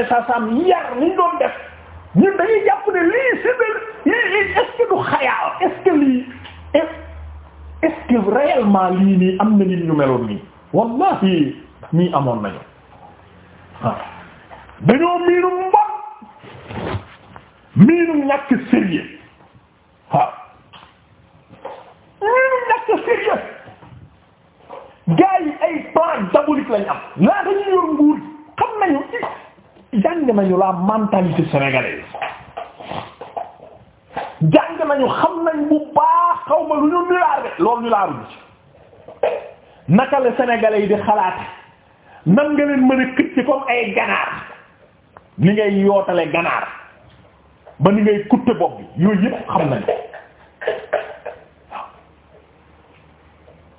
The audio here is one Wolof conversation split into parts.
lay saa saam yar ni doon def ñun dañuy jàpp ne lii c'est de est-ce que du xayaal est-ce que lii est-ce que réellement lii nii am na nit ñu meloon nii wallahi nii amoon nañu waaw dañoo miinum mbon miinum ñàkk sérieux waaw miinum ñàkk sérieux gaa yi ay plan diabolique lañ am laa dañuy yor nguur xam nañu jàng nañu la mentalité sénégalaise jàng nañu xam nañ bu baax xaw ma lu ñu nulaar de loolu ñu laaruñu ci naka la yi di xalaate nan nga leen mën këcc comme ay ganaar ni ngay yootale ganaar ba ni ngay kutte bopp bi yooyu yëpp xam nañ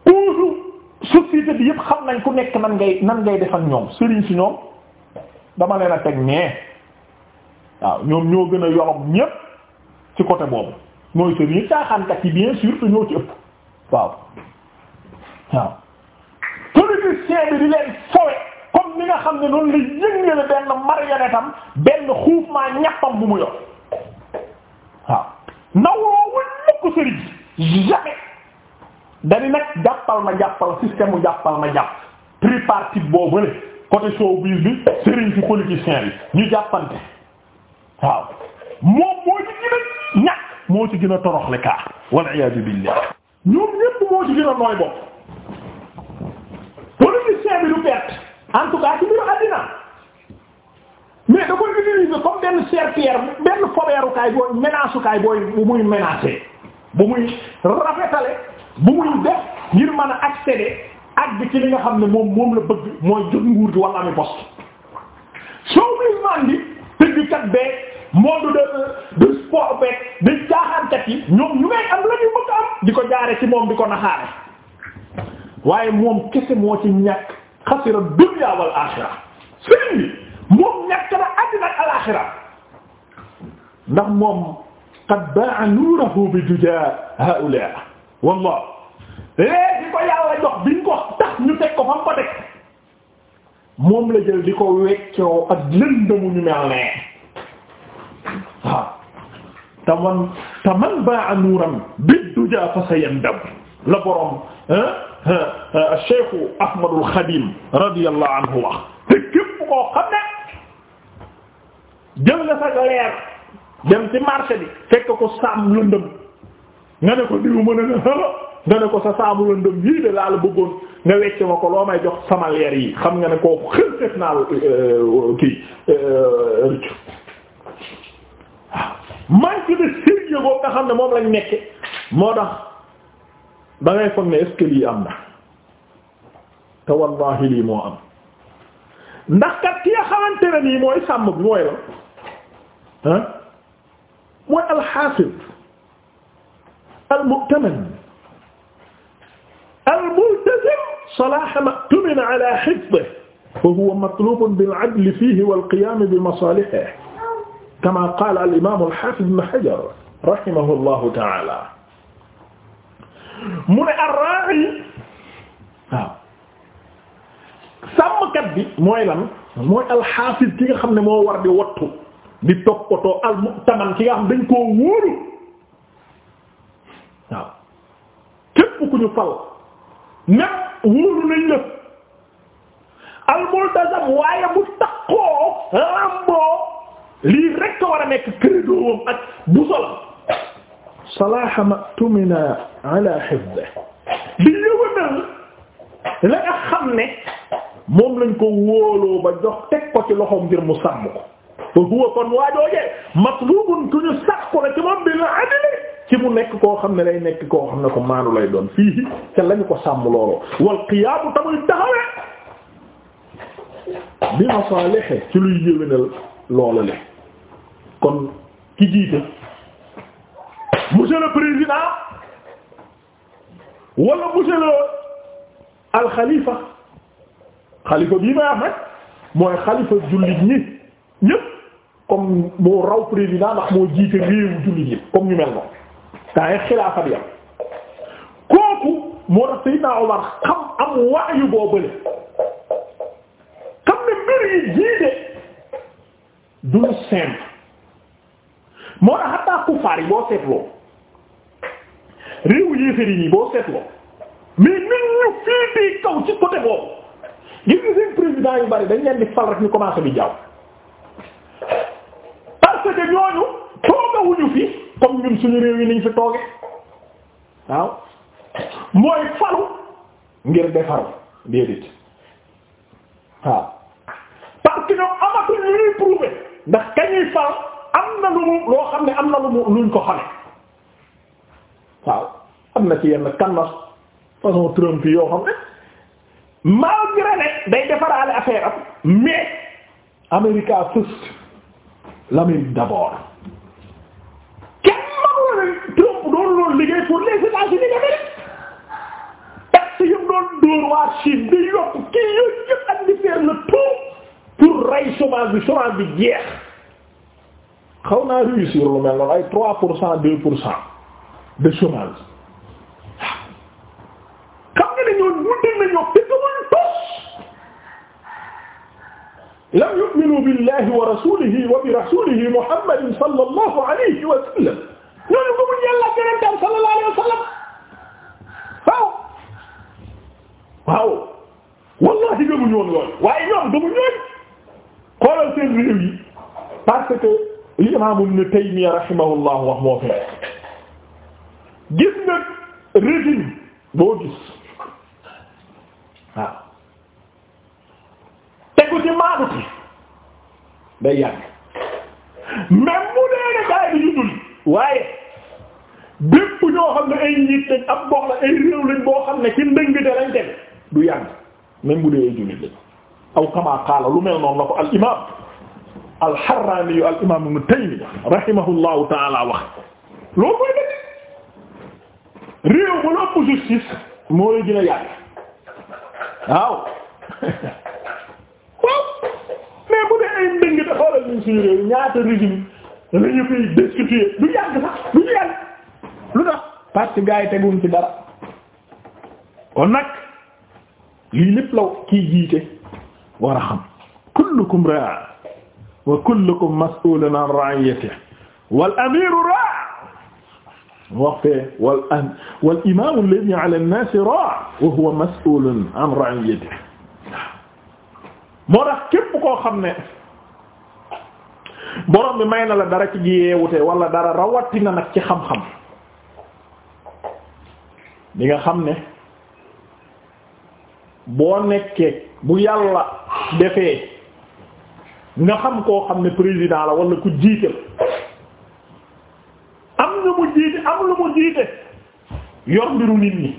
toujours bi yëpp xam nañ ku nekk nan ngay nan ngay def ak ñoom sëriñ si ñoom dama leen a teg nee waaw ñoom ñoo gën a yolom ñépp ci côté boobu mooy sëriñ caaxaankat yi bien sûr te ñoo ci ëpp waaw waaw politicien bi di leen fowe comme ni nga xam ne noonu la yëngale benn marionnette am benn xuuf maa ñàppam bu mu yor waaw nawloo wul lëkk sëriñ jamais dani nag jàppal ma jàppal système mu jàppal ma jàpp tripartite boobu le côté showbiz bi sëriñ ci politicien bi ñu jàppante waaw moom moo ci gën a ñàkk moo ci gën a toroxle kaa wal ñoom ñépp moo ci gën a nooy bopp bi du perte en tout cas ci biir mais da koy utiliser comme benn serpillère benn fobeerukaay booy menacukaay booy bu muy menacer bu muy rafetale bu muy def ngir mën a accéder àgg ci li nga xam ne moom moom la bëgg mooy jot nguur gi wala ami poste showbiz bi tëggkat bee monde de de sport bee de caaxaankat yi ñoom ñu ngay am la ñu bëgg di ko jaare ci moom di ko naxaare waaye moom kese moo ci ñàkk xasira dunya wal axira sëriñ bi moom ñàkk na àddina ak alaxira ndax moom qad ba'a nuurahu bi duja haula wallah léegi eh, ko yàlla jox biñ ko tax ñu teg ko fa mu ko teg moom la jël di ko weccoo ak lëndëmu ñu mel nee waaw te baa nuuram bid duja fa sayandam la borom Cheikhu Ahmadul Xadim radiyallahu anhu wax te képp koo xam ne jël nga sa leer dem ci marché bi fekk ko saam lëndëm nga ne ko diw mën a ne nga ne ko sa saabu lëndëm yii de laa la bëggoon nga wecc ma ko loo may jox sama leer yi xam nga ne kooku xel xef naa euh, kii euh, rëcc manque de sérieux boobu xam ne moom lañ nekke moo tax da ngay am na te wallahi lii moo am ndax kat ki nga xamante ne nii mooy sàmm bi mooy la ah mooy alxaafid almu'taman yaltazim salaaha ma tumina ala hifdihi fa huwa matlubun bil adli fiihi wal qiyaami bi masaalihihi kamaa qaala al imaam al haafiz ibn hajar rahimahullahu ta'aala mu ne ar-raa'i waaw sàmmkat bi mooy lan mooy alxaafiz ki nga xam ne moo war di wattu di toppatoo al-mu'taman ki nga xam dañ koo wóoru waaw képp ku ñu fal. même wóolu nañ la al multazam waaye bu takkoo làmboo lii rek ko war a nekk credo wam ak bu solo salaha ma'tumina ala hifdhi di la nga ne moom lañ ko ba jox teg ko ci loxoom ngir mu sàmm ko huwa kon waajoojee matlubun ku ñu sax ko la ci moom bil adli ci mu nekk koo xam ne lay nekk koo xam ne ko maanu lay doon fii ca lañu ko sàmm loolu wal qiyaamu tamuy taxawee bi masaalihi ci luy yéwénal loolu le kon ki jiite monsieur le président wala monsieur le al xalifa xalifa bii may am nag mooy xalifa jullit ñi ñépp comme moo raw président ndax moo jiite réewu jullit ñi comme ñu mel noonu temps yëpp xilaafa bi am kooku moo tax Seydina Omar xam am waayu boobule xam ne mbir yi jiite du lu simple moo tax hatta kufaar yi boo seetloo réewu yéefar yi boo seetloo mais nit ñu fii di kaw ci côté boobu gis nga seen président yu bari dañ leen di fal rek ñu commencé bi jaaw parce que ñooñu toogawuñu fi. comme ñun suñu réew yi niñ fi tooge waaw mooy faru ngir defaru déedéet waaw parce que amatuñ lu ñuy prouver ndax kañuy faru am na lu mu loo xam ne am na lu mu luñ ko xame waaw am na ci yenn kannas façon Trump yoo xam ne malgré ne day defaraale affaire mais America first l'Amérique d'abord waa Chine di yokk kii yooyu yëpp ak di faire le tout pour rey chômage bi chômage bi jeex xaw naa réussir lu mel noonu ay trois pour cent deux pour cent de chômage xam nga ne ñoon wutal nañoo te dumañ tos lam yu'minu billahi wa rasulihi wa bi rasulihi muhammadin sallallahu alayhi wa sallam ñooñu gëmuñ yàlla ak yonentam sallallahu alayhi wa sallam waaw waaw wallahi gëmuñu woon loolu waaye ñoom gëmuñu woon xoolal seen réew yi parce que li imam Ibn Taymiyya rahimahullah wax moo fi nekk gis nga régime boo gis waaw tegu ci maanuti day yàgg même mu dee ne gaay bi ñu dul waaye bépp ñoo xam ne ay njiit ab bokk la ay réew lañ boo xam ne ci ndëng de lañ du yàgg même bu dee ay jullit aw kama qaala lu mel noonu la ko al imam al Harraani yu al imam Ibn Taymiyya rahimahullahu taala mooy dëgg réew ba bu dee ay ndëng dafa war a ñu suñu réew ñaata régime la du yàgg lu tax parce que gars yi teguñ ci dara lii lépp law kii jiite war a xam kullukum raa wa kullukum mas'ulun an ra'iyatihi wal amiru raa wax fee wal am wal imaamu alladhi ala an-naasi raa wa huwa mas'ulun an ra'iyatihi moo tax képp koo xam ne borom bi may na la dara ci yeewute wala dara rawatina nag ci xam-xam bi xam ne boo nekkee bu yàlla defee nga xam koo xam ne président la wala ku jiite am na mu jiite am lu mu jiite yor mbiru nit ñi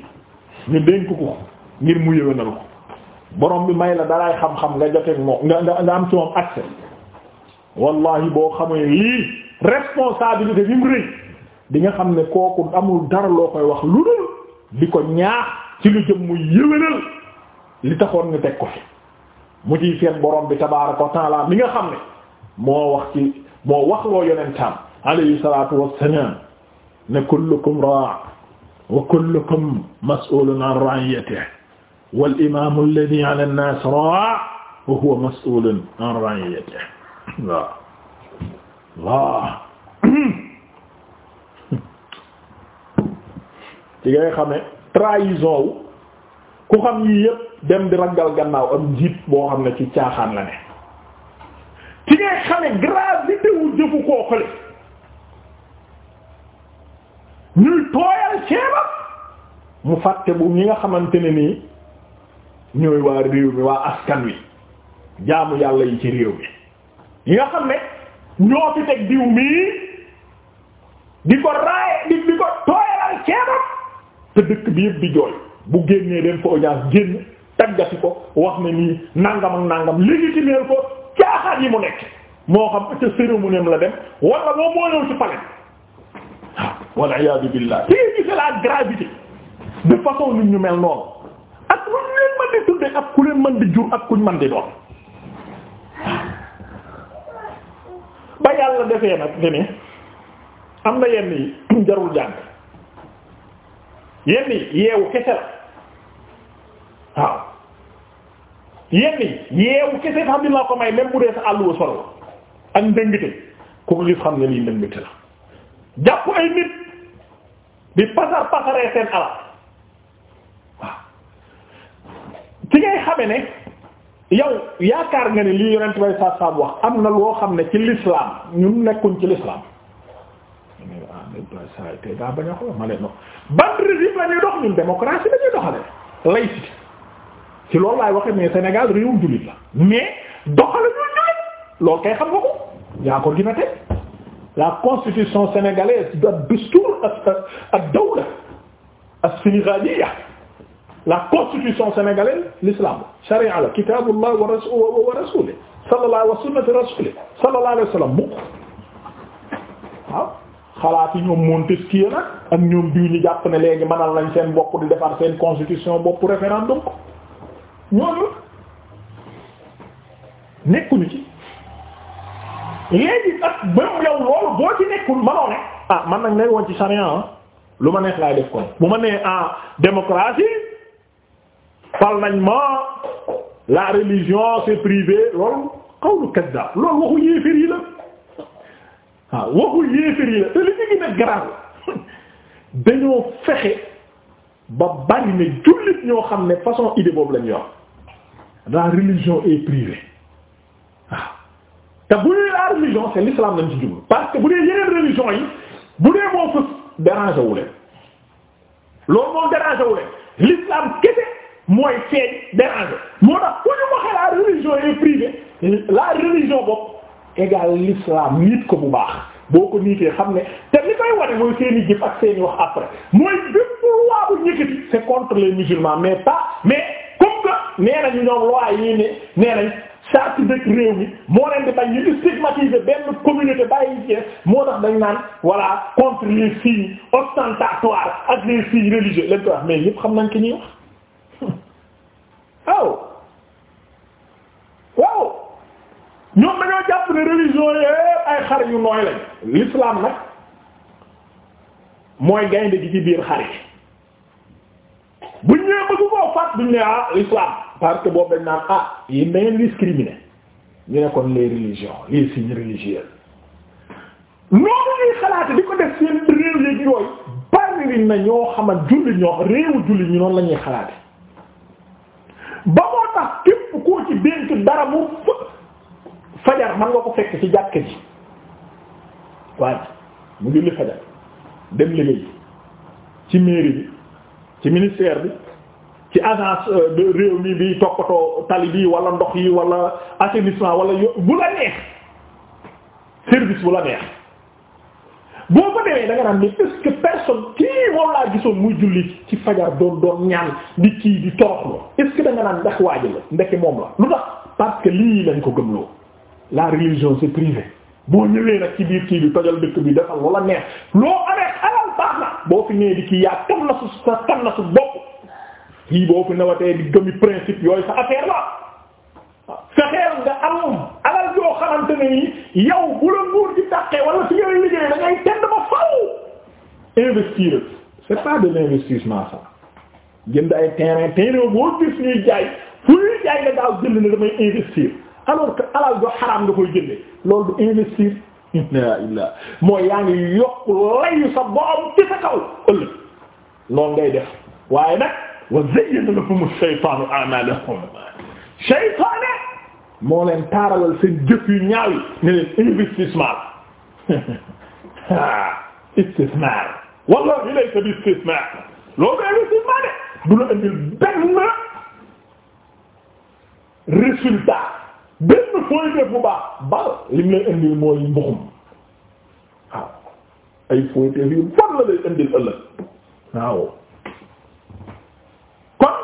ñu dénk ko ngir mu yëwénal ko borom bi may la dalaay xam-xam nga joteeg moom nga nga am ci moom accès wallahi boo xamee lii responsabilité bi mu rëy di nga xam ne kooku amul dara loo koy wax lu dul di ko ñaax ci lu jëm mu yëwénal li taxoon ñu teg ko fi mu ciy feet borom bi tabaaraka wa taala mi nga xam ne moo wax ci moo wax loo yonentam alayhi salaatu wassalaam ne kullukum raa wa kullukum mas'ulun an ra'iyatihi wal imaamu alladhi 'ala an-naas raa wa huwa mas'ulun an ra'iyatihi waaw waaw ci ngay xame trahison wu ku xam yii yépp dem di raggal gannaaw am njiit boo xam ne ci caaxaan la ne ci ngay xame gravité wu jëfu koo xale ñuy tooyal ceebam mu fàtte bu ñi nga xamante ne nii ñooy waa réew mi waa askan wi jaamu yàlla yi ci réew mi yi nga xam ne ñoo fi teg diw mii di ko raay di di ko tooyalal ceebam te dëkk bi yëpp di jooy bu génnee dem ko audience génn taggati ko wax ne nii nangam ak nangam légitimer ko caaxaan yi mu nekk moo xam ca cérémonie la dem wala moom moo ñëw ci palais waaw wal iyaadu billah te gise la gravité de façon nit ñu mel noonu ak lu leen mën di tudde ak ku leen mën di jur ak kuñ mën di doon ba yàlla defee nag ne am na yenn yi jarul jàng yenn yi yeewu kese la waaw yenn yeewu kese xam dina ko may même bu dee sa àll wu solo ak ndëngite ku ko gis xam ne lii ndëngite la jàpp ay nit di pasar pasaree seen alal waaw ci ngay xame ne yow yaakaar nga ne lii yonent bay saab saab wax am na loo xam ne ci l'islam ñun nekkuñ ci l'islam saa tey daa bañ a xool ma leen no ban régime la ñuy dox ñun la ñuy doxale laïcité ci loolu laay waxe mais Sénégal réewum jullit la mais doxale ñu jullit loolu kay xam nga ko yaa ko gën a la constitution sénégalaise ak dustour ak ak dawla la constitution sénégalaise l'islam sharia la kitabullah wa rasul wa rasulih sallallahu wa sunnati rasulih sallallahu alayhi wa xalaati ñoom Montesquieu nag ak ñoom diw ñu jàpp ne léegi mënal nañ seen bopp di defar seen constitution bopp référendum ko ñooñu nekkuñu ci léegi ak même yow loolu boo ci nekkul mënoo ah man nag ne woon ci ah lu ma neex laay def kon bu ma nee ah démocratie nañ ma la religion c'est privé loolu xawlu kaddaab loolu waxu yéeféer yi la waaw waxu yéefar yi la te li ñu gën a garaaw dañoo fexe ba bari ne jullit ñoo xam ne façon idée boobu lañuy yor la religion est privée waaw te bu dee la religion c'est l'islam lañ ci jublu parce que bu dee yeneen religion yi bu dee moo fës déranger wu leen loolu moom déranger wu leen l'islam mooy feeñ déranger moo tax ku ñu waxee la religion est privée la religion bopp égal l'islam nit ko bu baax boo ko niitee xam ne te li koy wane mooy seeni jëf ak seeni wax après mooy bépp loi bu ñëkkati c'est contre les musulmans mais pas mais comme que nee nañu ñoom loi yi ne nee nañ charte dëkk réew mi moo leen di bañ ñu stigmatiser benn communauté bàyyi ci moo tax dañ naan voilà contre les signes ostentatoires ak les signes religieux lañ koy wax mais ñëpp xam nañ ki ñuy wax waaw ñoom dañoo jàpp religion yépp ay xar yu nooy lañ l'islam nag mooy gaynde gi ci biir xar yi buñ ñëwee bëgg koo faat buñ ne ah l'islam parce que boobu dañ naan ah yéen da ngeen discriminer ne kon les religions les signes religieux noonu di ko def seen réew yéegi yooyu bari na ñoo xaman julli ñoo réewu julli ñu noonu la ñuy xalaate ba moo tax képp koo ci dénk dara mu fajar man nga ko fekk ci jàkk ji waaye mu julli fajar dem liggéey ci mairie bi ci ministère bi ci agence euh, de réew mi bi toppatoo tali bi wala ndox yi walla assainissement wala yo- bu la neex service bu la neex boo ko demee da naan ne personne kii moom gisoon muy julli ci fajar doon doon ñaan di ci di toroxlu est-ce que da nga naan ndax waaj la moom la lu tax parce lii lañ ko gëmloo la religion c'est privé boo ñëwee nag ci biir kii bi tojal dëkk bi defal wala neex loo amee alal baax na boo fi ñëwee di kii yaa tam na su sa tam na su bopp kii boo fi nawatee di gëmi principe yooyu sa affaire la ah, fexeel nga am alal yoo xamante ne ni yow bu la nguur di tàqee wala si ngay liggéey da ngay tend faw investir c'est pas de l'investissement ça jënd ay terrain terrain boo gis ñuy jaay fu ñuy jaay nga daaw jënd ne damay investir alors que alal joo xaraam nga koy jënde loolu du illa mooy yaa ngi yokk layu sa borom ci sa kaw ngay def waaye nag wa zayyana lahum ash-shaytanu a'malahum shaytaane moo leen taaralal seen jëf yu ñaaw yi ne leen investissement ah, wallahi laysa bi istismar loolu investissement de du benn fooy def bal li mu lay mooy mbuxum waaw ay fooy def yu la lay indil ëllëg waaw kon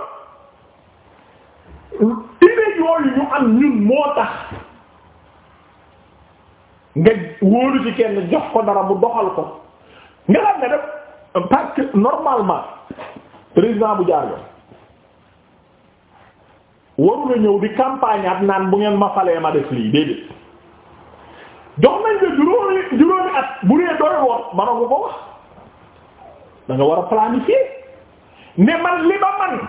idée yooyu ñu jox ko dara mu doxal ko nga xam ne def parce que normalement bu jaar yoon waru la ñëw di campagne at naan bu ngeen ma falee ma def lii déedéet jox nañ la juróomi juróomi at bu dee doy woon mënoon nga wax da war a planifier ne man li ba man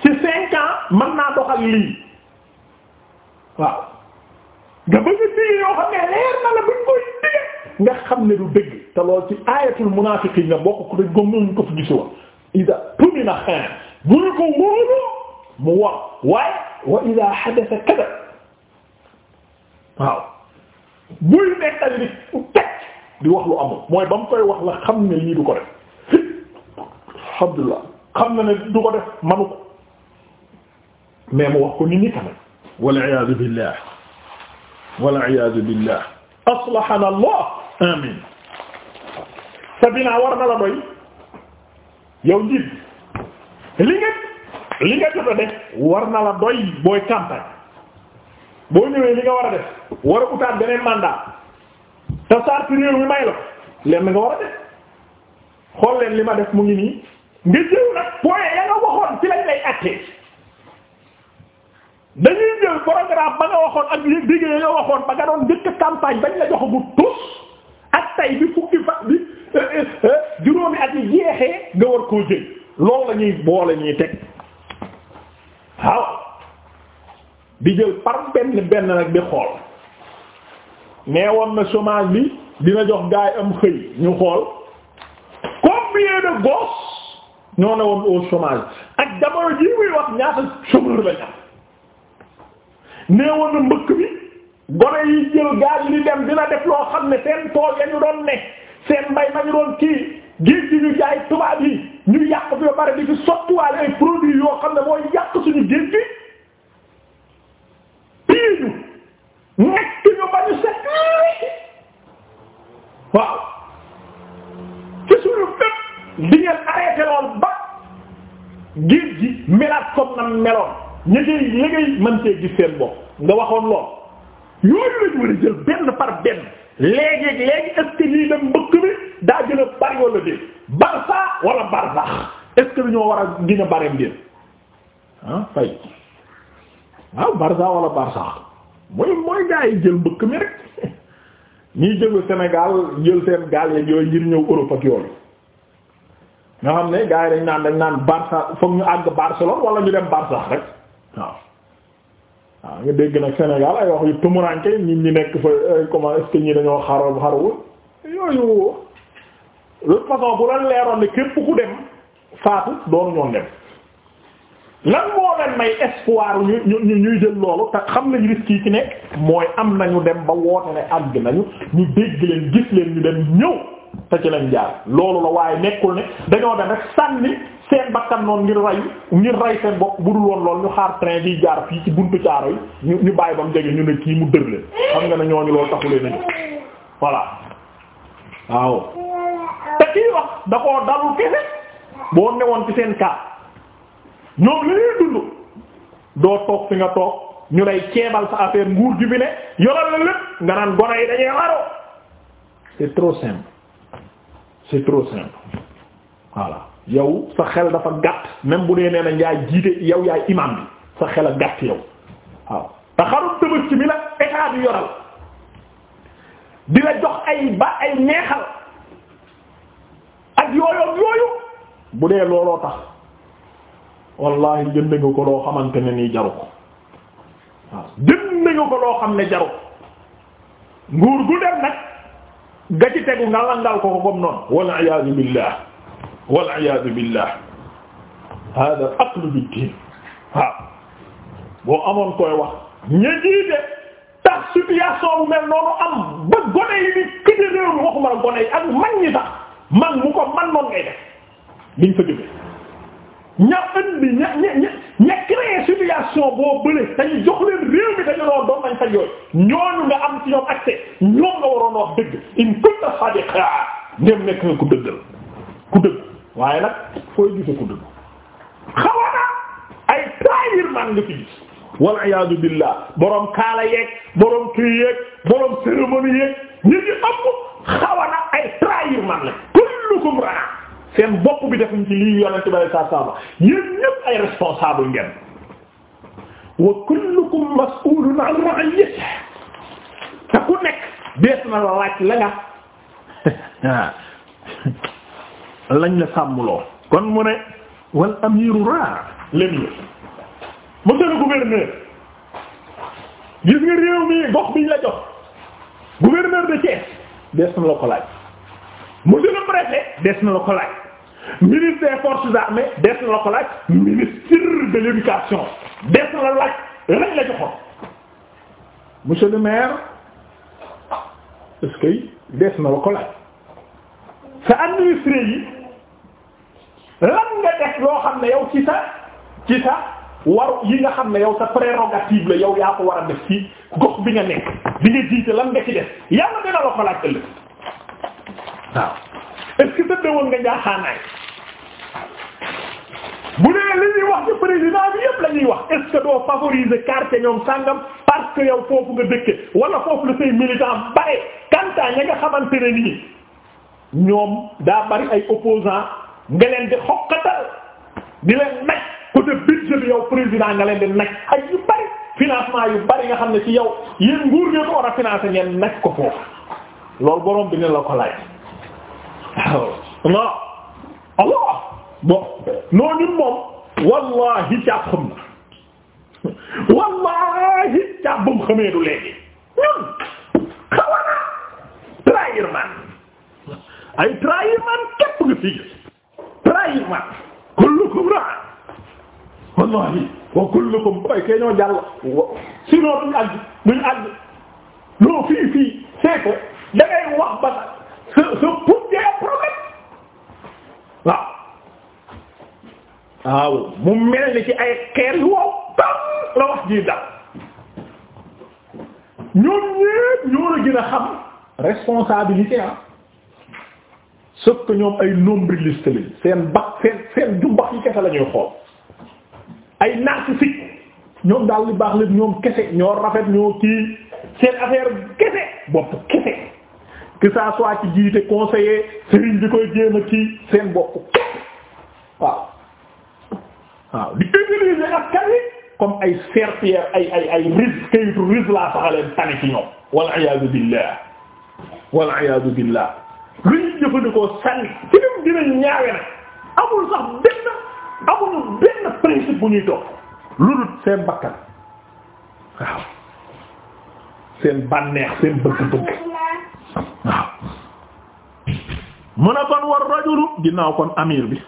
ci cinq ans naa doxal lii waaw nga bëgg digg yoo xam ne leer dëgg te lool ci ayatul munaafiqiin nga bokk ko dañ ko mënuñ ko fi gisoon ida tumina xeer bu ko wóolu mu war waaye wa ida xadasa kada waaw buy nekkal li teg di wax lu amul mooy ba mu koy wax la xam ne lii du ko def alhamdulilah xam na ne du ko def manu ko mais mu wax ko nit ñi tamit waliyasu billah waliyasu billah aslahana allah amin sa binaa war na la doy yow njiit li nga li nga jot a def war na la doy booy campagne boo ñëwee li nga war a def war a utaat beneen mandat te sarti réew may la lenn nga war a def xool leen li ma def mu ngi nii nga jëw nag point ya nga waxoon ci lañ lay àttee dañuy jël programme ba nga waxoon ak li digg ya nga waxoon ba nga doon jëkk campagne bañ la jox bu tus ak tay bi fukki fa bi eh, eh, eh, juróomi at yi jeexee nga war koo jël loolu ñuy boole ñuy teg waaw di jël par benn benn nag di xool nee woon na chômage bi dina jox gaay am xëy ñu xool combien de gosses ñoo ne woon ak jamono ji muy wax ñaata na mbëkk bi gone yi jël gaal yi di dem dina def loo xam ne seen tool ya ñu doon nekk seen mbay ma ñu doon kii géej gi ñu jaay tubaab yi ñu yàq bi ba pare di fi sottiwaale ay yoo xam ne mooy ñu jéggi pii ñu nekk ñu ba ñu set waaw ci suñu bépp di ngeen arrêté lool ba géej gi melaat comme na meloon ña koy liggéey mën see gis waxoon lool yooyu benn par benn léegi léegi est-ce lii dem mbëkk bi daa gën a bari wala déet barça wala barsax est-ce ñoo war a gën a bari mbir ah fay waaw ah, Barça wala Barça mooy mooy gaa yi jël mbëkk mi rek ñiy jóge Sénégal jël seen gaal yeeg yooyu ngir ñëw Europe ak yooyu nga xam ne gaa yi dañ naan dañ naan Barça foog ñu àgg Barcelone walla ñu dem Barça rek waaw. waaw nga dégg nag Sénégal ay wax yu tumuranke nit ñi nekk fa comment est-ce que ñi dañoo xaru xaru yooyu de façon bu la leeroon ne képp ku dem faatu doon ñoon dem. lan moo leen may espoir ñu ñu ñuy jël loolu te xam nañ risque yi ci nekk mooy am nañu dem ba woote ne àgg nañu ñu dégg leen gis leen ñu dem ñëw te ci lañ jaar loolu la waaye nekkul ne dañoo dem rek sànni seen bakkan noonu ngir ray ngir ray seen bopp bu dul woon loolu ñu xaar train bi jaar fii ci buntu caaro yi ñu ñu bàyyi ba mu jege ñu ne kii mu dër leen xam nga ne ñooñu loolu taxulee nañu voilà waaw te kii wax da koo dalul kese boo newoon ci seen ñoom li ñuy dund doo toog fi nga toog ñu lay ceebal sa affaire nguur gi bi ne yoral la lépp nga naan gone yi dañuy waroo c'est trop simple trop simple voilà yow sa xel dafa gàtt même bu dee nee na ngaa jiite yow yaay imam bi sa xel a gàtt yow waaw te xarum tëbës ci bi la état yoral di jox ay ba ay neexal ak yooyu yooyu bu dee looloo tax. wallahi jënd nga ko loo xamante ne nii jaru ko waaw ko loo xam ne jaru ko nguur gu dem nag ga ci tegu nga langal ko ko comme noonu wal iyaadu billah wal iyaadu billah hada aqlu bi diin waaw boo amoon koy wax ña tax situation bu mel noonu am ba gone yi këj a réew mi waxuma la gone yi ak man mu ko man noonu ngay def liñ fa jógee ña indi ña ña ña créé situation boo bële dañu jox leen réew mi dañu doon nga am ci ñoom accès ñoom nga waroon wax dëgg in kunta sadiqa ndem nekk nga ku dëggal ku dëgg waaye nag fooy gise ku dëgg xawana ay trahir man nga fi wal iyaadu billah borom kaala yeeg borom kii yeeg borom cérémonie yeeg ñi ci ëpp xawana ay trahir man la kullukum raa seen bopp bi def ci lii yonente bi alei sat saama yéen ñépp ay responsable ngeen wa kullukum mas'ulun 'an ra'iyatihi te ku nekk dees na la laaj la nga lañ la sàmmuloo kon mu ne wal amiru ra l'émir monsieur le gouverneur gis nga réew mi gox biñ la jox gouverneur de Thiès dees na la ko laaj monsieur le préfet dees na la ko laaj ministre des forces armées des na la ko laaj ministre de l'éducation des na la laaj lañ la joxoon monsieur le maire est-ce que des na la ko laaj sa administré yi lan nga def loo xam ne yow ci sa ci sa waru yi nga xam ne yow sa prérogative la yow yaa ko war a def ci gox bi nga nekk bi nga jiite lan nga ci def yàlla dina la ko laaj ëllëg waaw est-ce que woon nga njaaxaanaay bu dee li ñuy wax ci président bi yépp la ñuy wax est-ce que doo favoriser quartier ñoom sàngam parce que yow foofu nga dëkke wala foofu la say militant bare kantaa ña nga xamante ne nii ñoom daa bari ay opposants nga leen di xokkatal di leen naj côté budget bi yow président nga leen di naj ay yu bari financement yu bari nga xam ne ci yow yéen nguur ngeen ko war a financer ngeen naj ko foofu loolu borom bi ne la ko laaj. waaw allah bon noo ñun moom wallahi càpp xam na wallahi càpp bam xamee du léegi ñun xawana trahir man ay trahir man képp nga fii trahir man kullukum ra wallahi wa kullukum boy kay ñoo jàll sinon duñu àgg duñu àgg non fii fii c'est que da ngay wax ba sa sa puut day am problème waaw mu mel ni ci ay xeer yu wow tam la wax ji dal ñoom ñépp ñoo la gën a xam responsabilité ah sauf que ñoom ay nombriliste lañ seen bax seen seen jumbax yi kese la xool ay narcissique ñoom daal li baax la ñoom kese ñoo rafet ñoo kii seen affaire kese bopp kese que ça soit ci jiite conseiller sëriñ bi koy jéem ci kii seen bopp waaw waaw di utiliser askan wi comme ay serpillère ay ay ay ris kayitu ris laa saxaleen tane ci ñoom wal iyaadu billah wal iyaadu billah lu ñu jëfandikoo sànni ci lim ñaawe nag amul sax benn amul benn principe bu ñuy topp lu dul seen bakkan waaw seen bànneex seen bëgg-bëgg mu ne kon war rajulu ginnaaw kon amir bi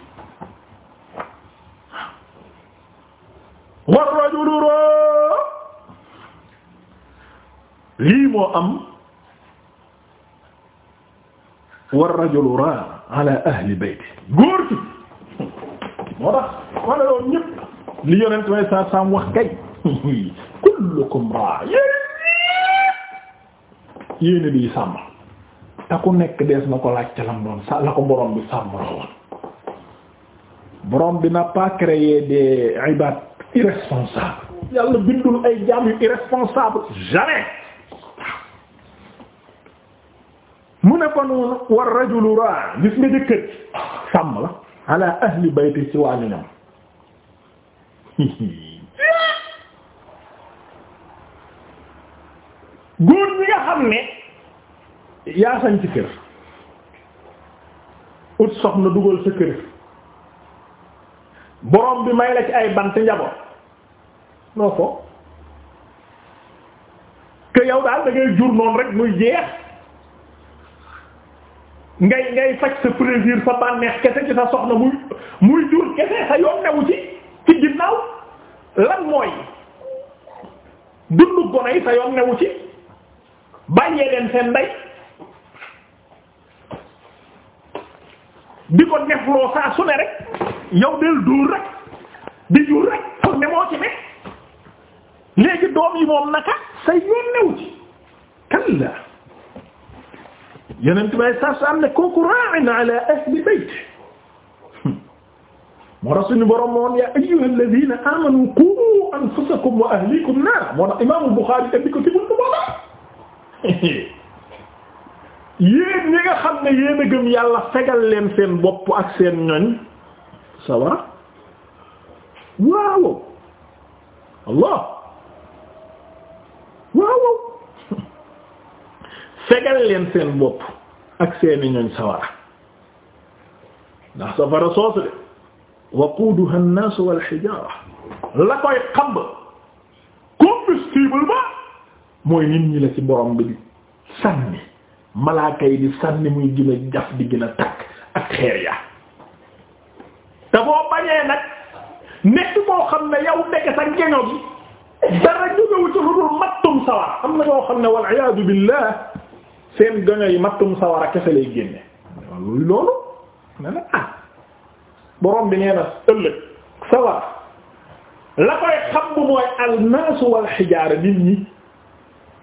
war rajulu roo lii moo am war rajulu raa ala ahli bayti góor gi moo tax wala yoon ñëpp li yonent way sa sam wax kay kullukum raa yéen yéen di sàmm te ku nekk dees na ko laaj ca lam doon sa la ko borom bi sàmmrawoon borom bi n'a pas créé des ibad irresponsables yàlla bindul ay jaam yu irresponsables jamais mu ne kon war rajulu ra gis nga jëkkër sàmm la ala ahli bayti ci waa ñoñam góor ñi nga xam ne yaa sañ ci kër ut soxna dugal sa kër borom bi may la ci ay bant njaboot noo ko que yow daal da ngay jur noonu rek muy jeex ngay ngay faj sa plaisir sa bànneex kese ci sa soxna muy muy jur kese sa yoon newu ci ci ginnaaw lan mooy dundu gone yi sa yoon newu ci bàyyee leen seen ndey di ko nefloo saa su ne rek yow del dóor rek di jur rek foog ne moo ci ne léegi doom yi moom naka say yoon new ci kalla yeneen tubaab yi saa su am ne kooku ra'in ala ahli bayt moo tax suñu borom moo ne yaa ayyuhal ladina amanu qu anfusakum wa ahlikum naar moo tax Imaamul Buxaari indi ko ci buntu boobu yéen ñi nga xam ne yéen a gëm yàlla fegal leen seen bopp ak seen ñoñ sawara waaw allah waaw fegal leen seen bopp ak seeni ñoñ sawara ndax safara soosu de waquduha an-nas wal hijara la koy xamb ba mooy nit ñi la ci borom bi di sànni malaaka yi di sànni muy gën a jaf di gën a takk ak xeer ya te bañee nag nekk boo xam ne yow nekk sa ngeño bi dara jógewu ci lu mattum sawar am na ñoo xam ne wal iyaadu billah seen gaño yi mattum sawar a kese lay génne luy loolu ne ah borom bi nee na ëllëg sawar la koy xam bu mooy alnaasu wal xijaara nit ñi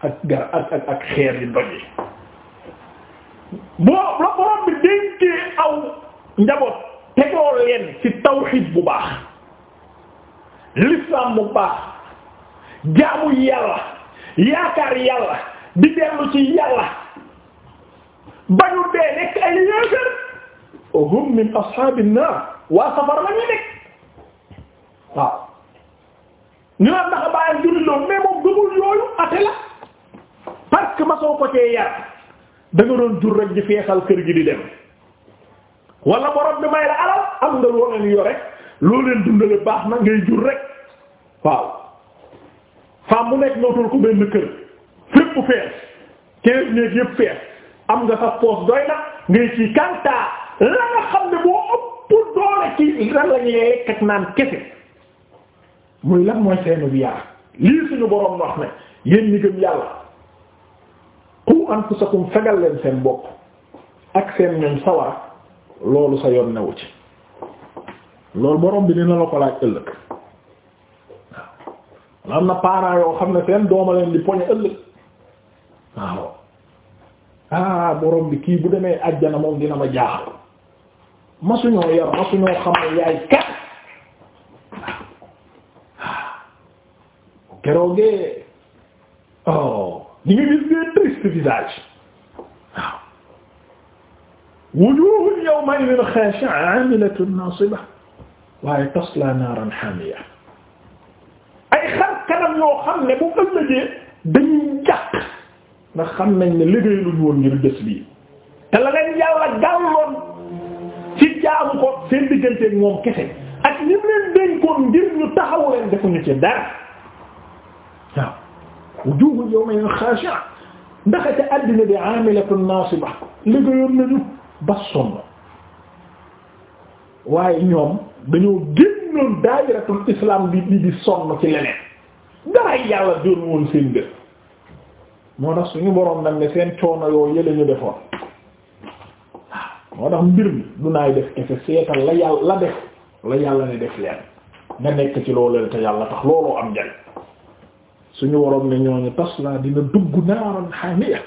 ak gar ak ak ak xeer yi doj yi boo la borom bi dénkee aw njaboot tegoo leen ci tawxiid bu baax l'islam bu baax jaamu yàlla yaakaar yàlla di dellu ci yàlla bañu dee nekk ay yéefar hum min ashaabin naar waa safar la ñu nekk waaw ñu naan ndax bàyyi julli loolu mais moom yooyu ate la parce ma soo ko cee yar da nga doon jur rek di feesal kër gi di dem wala borom bi may la alal am nga loo leen yore loo dundale baax na ngay jur rek waaw femme bu nekk nootul ko benn kër fépp fees quinze néeg yëpp fees am nga sa poos doy na ngay ci kantaa la nga xam ne boo ëpp doole ci lan la ñuy lekk ak naan kese muy lan mooy seenu bi lii suñu borom wax ne yéen ñi yàlla qu anfusakum fegal leen seen bopp ak seen ñoom sawar loolu sa yoon newu ci loolu borom bi dina la ko laaj ëllëg waaw am na parents yoo xam ne seen dooma di poñe ëllëg waaw ah borom bi kii bu demee àjjana moom dina ma jaaxal masuñoo yar masuñoo xamal yaay kat keroogee oh di nga gis des tristes visages waaw wujuhun yawma'idhin khashi'a 'amilatun nasiba waaye tasla naaran hamiya ay xar kanam yoo xam ne bu ëllëgee dañuy jàq ndax xam nañ ne liggéey luñ woon ngir bés bii te la leen yàlla gàlloon ci jaamu ko seen digganteeg moom kese ak ñim leen dénkoon ngir ñu taxaw leen defuñu ci dara wujuhun yawma khashi'a ndax ca àddina bi amilatun nasiba liggéeyoon nañu ba sonn waaye ñoom dañoo génnoon daayiratul islam bi di di sonn ci leneen dara yàlla doon woon seen dër moo tax suñu boroom nag ne seen coono yoo yële ñu defoon waaw moo tax mbir mi du def kese seetal la yàlla la def la yàlla ne def leen nga nekk ci loolu te yàlla tax looloo am njariñ suñu waroon ne ñooñu tas laa dina dugg naaran haamiya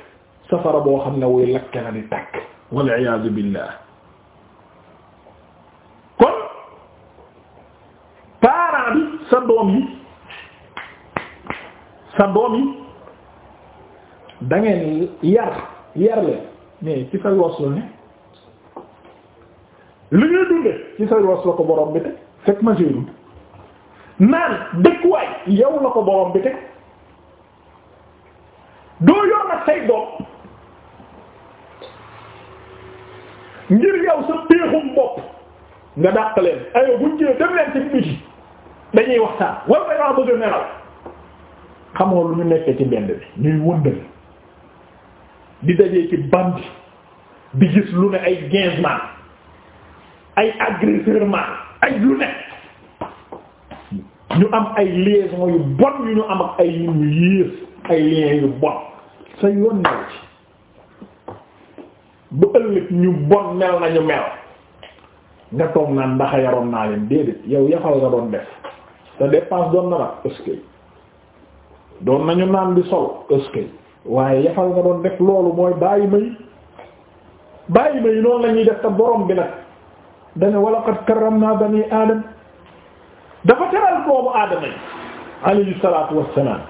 safara boo xam ne wuy lakk na di tàkk wal iyaazu billah kon parent bi sa doom yi sa doom yi da yar yar leen mais ci sa yoos la ne li ñuy dunde ci sa yoos la ko borom bi teg fekk ma séerul naan dëkkuwaay yow la ko borom bi teg doo yor nag say doom ngir yow sa péexum bopp nga dàq leen aywa buñ jëlee dem leen ci biti dañuy waxtaan wala dangaa bëgg nelaw xamoo lu ñu nekkee ci mbend bi ñuy wëndal di dajee ci bandi di gis lu ne ay ginzement ay agressement ay lu ne ñu am ay liaison yu bon yu ñu am ak ay nit ay liens yu bon sa yoon naw ci bu ëllëg ñu bon mel nañu mel nga toog naan ndax yaroon naa leen déedéet yow yafal nga doon def sa dépense doon na la est-ce doon nañu naan di sol est waaye yafal nga doon def loolu mooy bàyyi may bàyyi may noonu la def te borom bi nag dane wala qad karramna bani aadam dafa teral doomu aadama yi alayhi salaatu wassalaam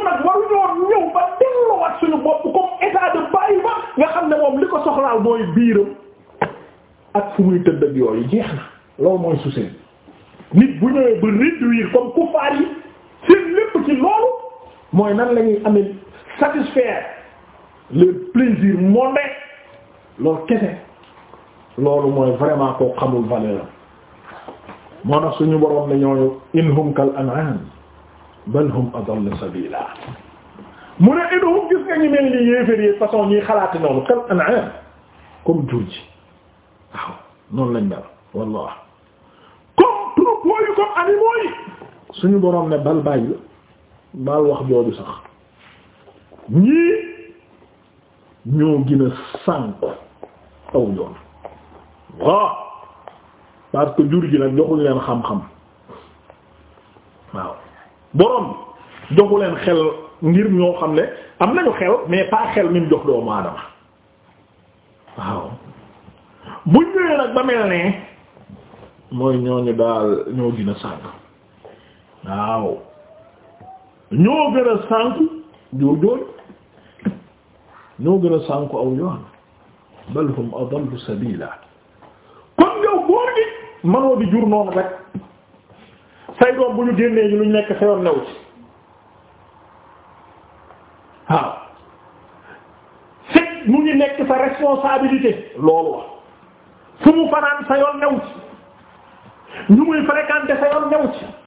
kon nag waruñoo ñëw ba delluwaat suñu bopp comme état de bàyyi ba nga xam ne moom li ko soxlaal mooy biiram ak fu muy tëdd ak yooyu jeex na loolu mooy souci nit bu ñëwee ba réduire comme kufaar yi seen lépp ci loolu mooy nan lañuy ñuy amee satisfaire le plaisir mondain loolu kese loolu mooy vraiment koo xamul valeur moo tax suñu boroom ne ñooñu in hum kal bal hum adall sabila mu ne idohum gis nga ñu mel ni yéefér yi façon ñuy xalaati noonu kal an'am comme jur ji waaw noonu lañ mel wallah comme troupeau yu comme animaux yi suñu boroom ne bal bàyyi baal wax jooju sax ñii ñoo gën a sànk aw yoon waaw parce jur ji nag joxuñ leen xam-xam waaw borom joxu xel ngir ñoo xam ne am nañu xel mais pas xel mi mu jox doomu aadama waaw buñ ñëwee nag ba mel ne mooy ñooñu daal ñoo gën a sànk waaw ñoo gën a sànk jur jooju ñoo gën a sànk aw yoon bal hum adallu kon yow góor gi manoo di jur noonu rek say doom bu ñu génnee ñu nekk xewoon new ci waaw fekk mu ngi nekk sa responsabilité loolu la fu mu fanaan sa yoon new ci ñu muy fréquenter sa yoon new